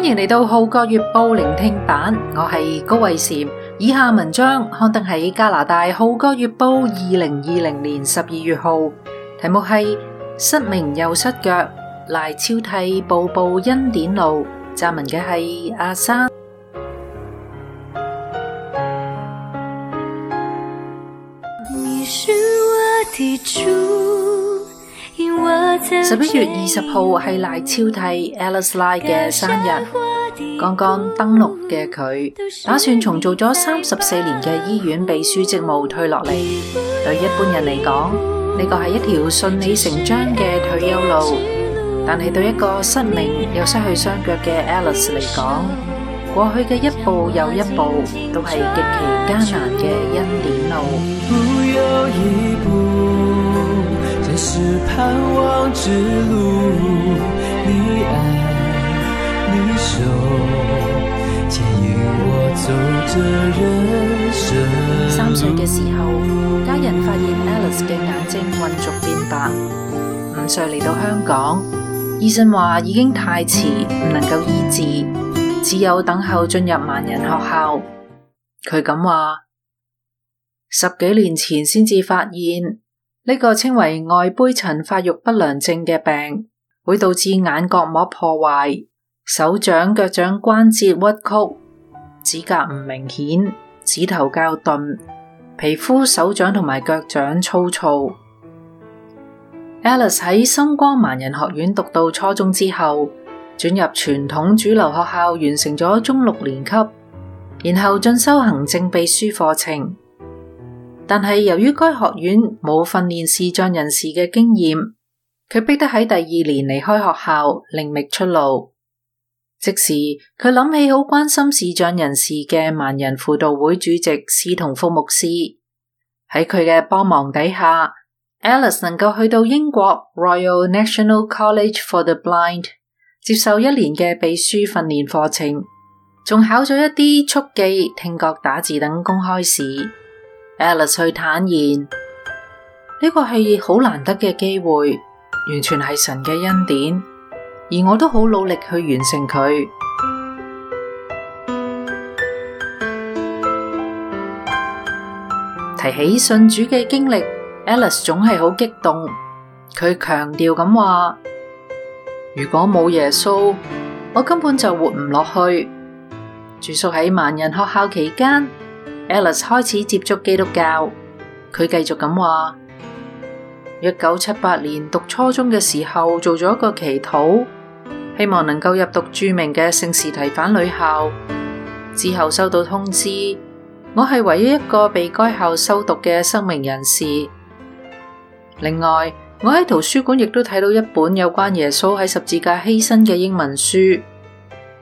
歡迎嚟到《號角月報》聆聽版，我係高慧嬋。以下文章刊登喺加拿大《號角月報》二零二零年十二月號，題目係《失明又失腳，賴超娣步步恩典路》，撰文嘅係阿山。你是我的主。十一月二十號係賴超娣 Alice Lai 嘅生日。剛剛登六嘅佢，打算重做咗三十四年嘅醫院秘書職務退落嚟。對一般人嚟講，呢個係一條順理成章嘅退休路。但係對一個失明又失去雙腳嘅 Alice 嚟講，過去嘅一步又一步，都係極其艱難嘅恩典路。盼望之路，你你手牽引我走這人生。三歲嘅時候，家人發現 Alice 嘅眼睛混濁變白。五歲嚟到香港，醫生話已經太遲，唔能夠醫治，只有等候進入盲人學校。佢咁話：十幾年前先至發現。呢個稱為外胚層發育不良症嘅病，會導致眼角膜破壞、手掌、腳掌關節屈曲、指甲唔明顯、指頭較鈍、皮膚手掌同埋腳掌粗糙。Alice 喺深光盲人學院讀到初中之後，轉入傳統主流學校，完成咗中六年級，然後進修行政秘書課程。但係由於該學院冇訓練視障人士嘅經驗，佢逼得喺第二年離開學校另覓出路。即時佢諗起好關心視障人士嘅盲人輔導會主席司徒福牧師，喺佢嘅幫忙底下，Alice 能夠去到英國 Royal National College for the Blind 接受一年嘅秘書訓練課程，仲考咗一啲速記、聽覺打字等公開試。Alice 去坦言，呢個係好難得嘅機會，完全係神嘅恩典，而我都好努力去完成佢。提起信主嘅經歷，Alice 總係好激動。佢強調咁話：，如果冇耶穌，我根本就活唔落去。住宿喺盲人學校期間。a l i c e 開始接觸基督教，佢繼續咁話：，一九七八年讀初中嘅時候，做咗一個祈禱，希望能夠入讀著名嘅聖士提反女校。之後收到通知，我係唯一一個被該校修讀嘅生命人士。另外，我喺圖書館亦都睇到一本有關耶穌喺十字架犧牲嘅英文書，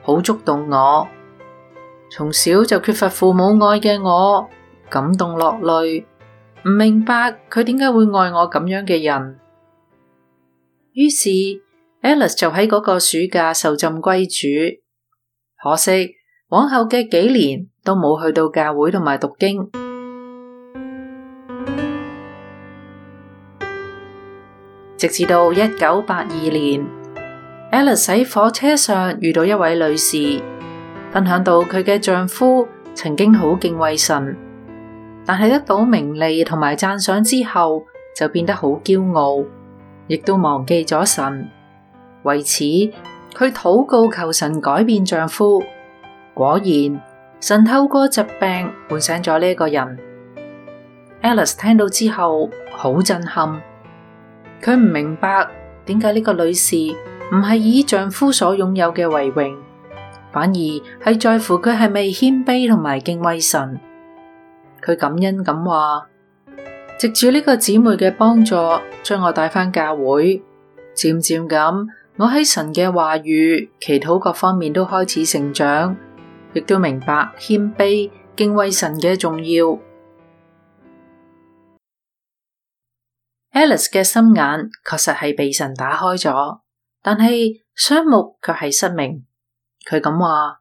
好觸動我。從小就缺乏父母愛嘅我，感動落淚，唔明白佢點解會愛我咁樣嘅人。於是，Alice 就喺嗰個暑假受浸歸主，可惜往後嘅幾年都冇去到教會同埋讀經，直至到一九八二年，Alice 喺火車上遇到一位女士。分享到佢嘅丈夫曾經好敬畏神，但係得到名利同埋讚賞之後，就變得好驕傲，亦都忘記咗神。為此，佢禱告求神改變丈夫。果然，神透過疾病喚醒咗呢個人。Alice 聽到之後好震撼，佢唔明白點解呢個女士唔係以丈夫所擁有嘅為榮。反而係在乎佢係咪謙卑同埋敬畏神。佢感恩咁話，藉住呢個姊妹嘅幫助，將我帶返教會。漸漸咁，我喺神嘅話語、祈禱各方面都開始成長，亦都明白謙卑、敬畏神嘅重要。Alice 嘅心眼確實係被神打開咗，但係雙目卻係失明。佢咁話：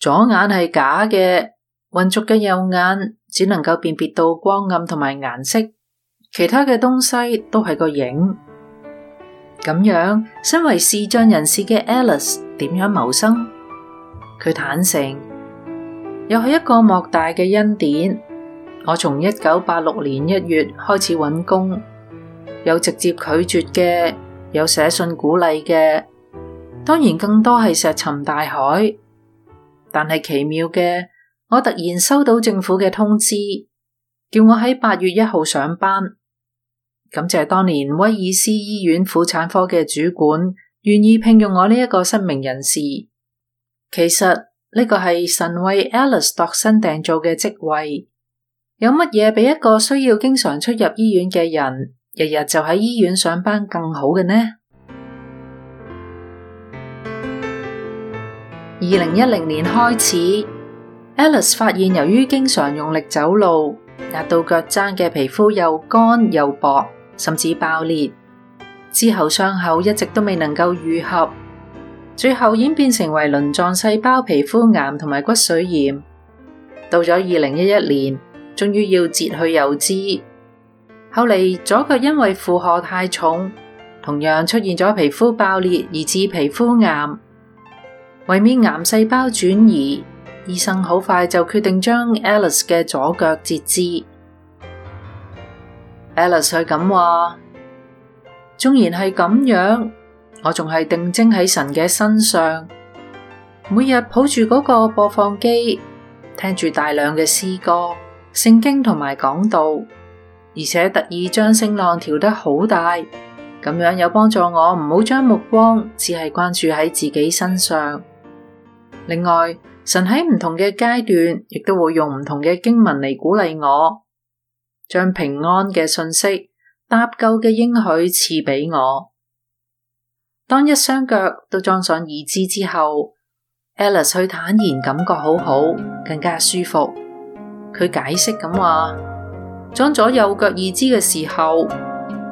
左眼係假嘅，渾濁嘅右眼只能夠辨別到光暗同埋顏色，其他嘅東西都係個影。咁樣，身為視障人士嘅 Alice 點樣謀生？佢坦承，又係一個莫大嘅恩典。我從一九八六年一月開始搵工，有直接拒絕嘅，有寫信鼓勵嘅。當然，更多係石沉大海。但係奇妙嘅，我突然收到政府嘅通知，叫我喺八月一號上班。感謝當年威爾斯醫院婦產科嘅主管願意聘用我呢一個失明人士。其實呢個係神為 Alice 度身訂造嘅職位。有乜嘢比一個需要經常出入醫院嘅人，日日就喺醫院上班更好嘅呢？二零一零年開始，Alice 發現由於經常用力走路，壓到腳踭嘅皮膚又乾又薄，甚至爆裂。之後傷口一直都未能夠愈合，最後演變成為鱗狀細胞皮膚癌同埋骨髓炎。到咗二零一一年，終於要截去右肢。後嚟左腳因為負荷太重，同樣出現咗皮膚爆裂，以致皮膚癌。為免癌細胞轉移，醫生好快就決定將 Alice 嘅左腳截肢。Alice 係咁話：縱然係咁樣，我仲係定睛喺神嘅身上，每日抱住嗰個播放機，聽住大量嘅詩歌、聖經同埋講道，而且特意將聲浪調得好大，咁樣有幫助我唔好將目光只係關注喺自己身上。另外，神喺唔同嘅階段，亦都會用唔同嘅經文嚟鼓勵我，將平安嘅信息、搭救嘅應許賜俾我。當一雙腳都裝上義肢之後，Alice 佢坦然感覺好好，更加舒服。佢解釋咁話：裝咗右腳義肢嘅時候，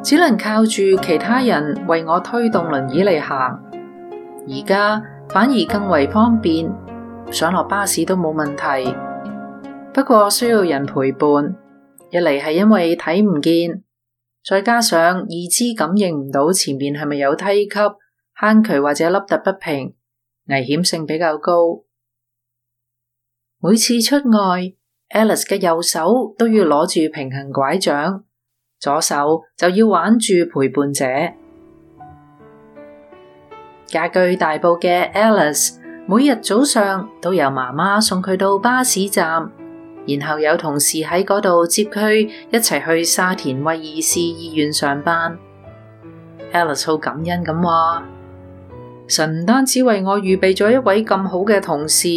只能靠住其他人為我推動輪椅嚟行。而家，反而更為方便，上落巴士都冇問題。不過需要人陪伴，一嚟係因為睇唔見，再加上義肢感應唔到前面係咪有梯級、坑渠或者凹凸不平，危險性比較高。每次出外，Alice 嘅右手都要攞住平衡拐杖，左手就要挽住陪伴者。家居大埔嘅 Alice，每日早上都由媽媽送佢到巴士站，然後有同事喺嗰度接佢一齊去沙田威爾斯醫院上班。Alice 好感恩咁話：神唔單止為我預備咗一位咁好嘅同事，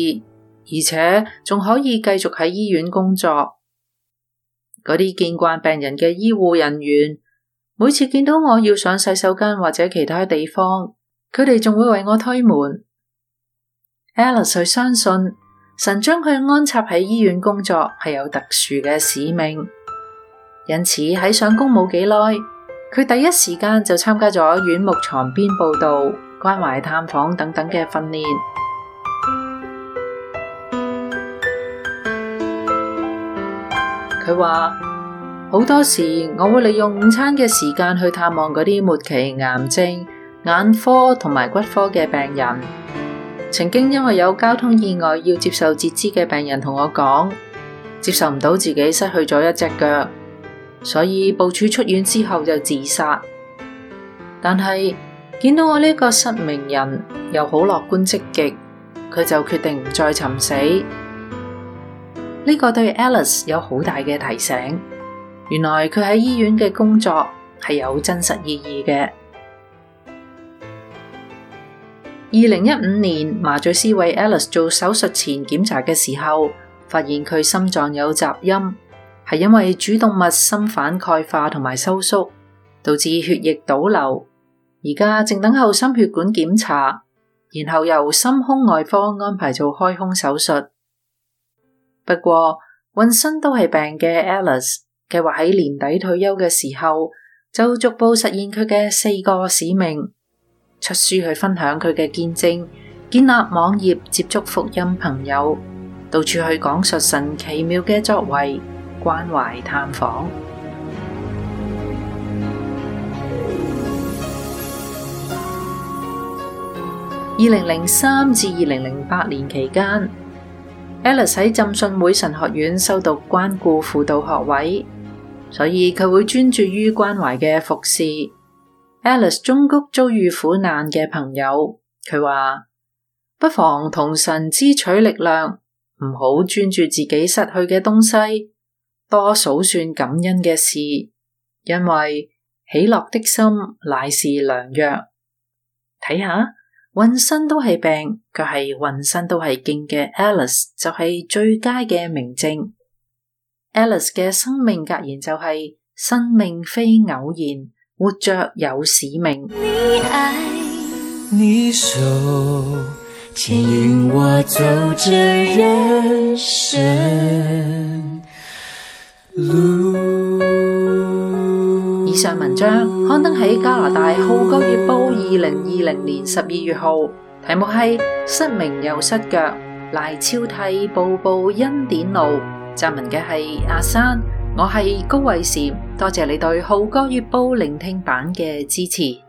而且仲可以繼續喺醫院工作。嗰啲見慣病人嘅醫護人員，每次見到我要上洗手間或者其他地方。佢哋仲會為我推門。Alice 相信神將佢安插喺醫院工作係有特殊嘅使命，因此喺上工冇幾耐，佢第一時間就參加咗院牧床邊佈道、關懷探訪等等嘅訓練。佢話好多時我會利用午餐嘅時間去探望嗰啲末期癌症。眼科同埋骨科嘅病人，曾經因為有交通意外要接受截肢嘅病人同我講，接受唔到自己失去咗一隻腳，所以部署出院之後就自殺。但係見到我呢個失明人又好樂觀積極，佢就決定唔再尋死。呢個對 Alice 有好大嘅提醒，原來佢喺醫院嘅工作係有真實意義嘅。二零一五年，麻醉師為 Alice 做手術前檢查嘅時候，發現佢心臟有雜音，係因為主動脈心瓣鈣化同埋收縮，導致血液倒流。而家正等候心血管檢查，然後由心胸外科安排做開胸手術。不過，渾身都係病嘅 Alice，計劃喺年底退休嘅時候，就逐步實現佢嘅四個使命。出書去分享佢嘅見證，建立網頁，接觸福音朋友，到處去講述神奇妙嘅作為，關懷探訪。二零零三至二零零八年期間，Alice 喺浸信會神學院修讀關顧輔導學位，所以佢會專注於關懷嘅服侍。Alice 忠告遭遇苦難嘅朋友，佢話：不妨同神支取力量，唔好專注自己失去嘅東西，多數算感恩嘅事，因為喜樂的心乃是良藥。睇下，渾身都係病，佢係渾身都係勁嘅 Alice 就係最佳嘅明證。Alice 嘅生命格言就係：生命非偶然。活着有使命。你愛，你手，牽引我走着人生路。以上文章刊登喺加拿大《號角月報》二零二零年十二月號，題目係《失明又失腳》，賴超娣步步恩典路，撰文嘅係阿山。我係高慧善，多謝你對《號角月報》聆聽版嘅支持。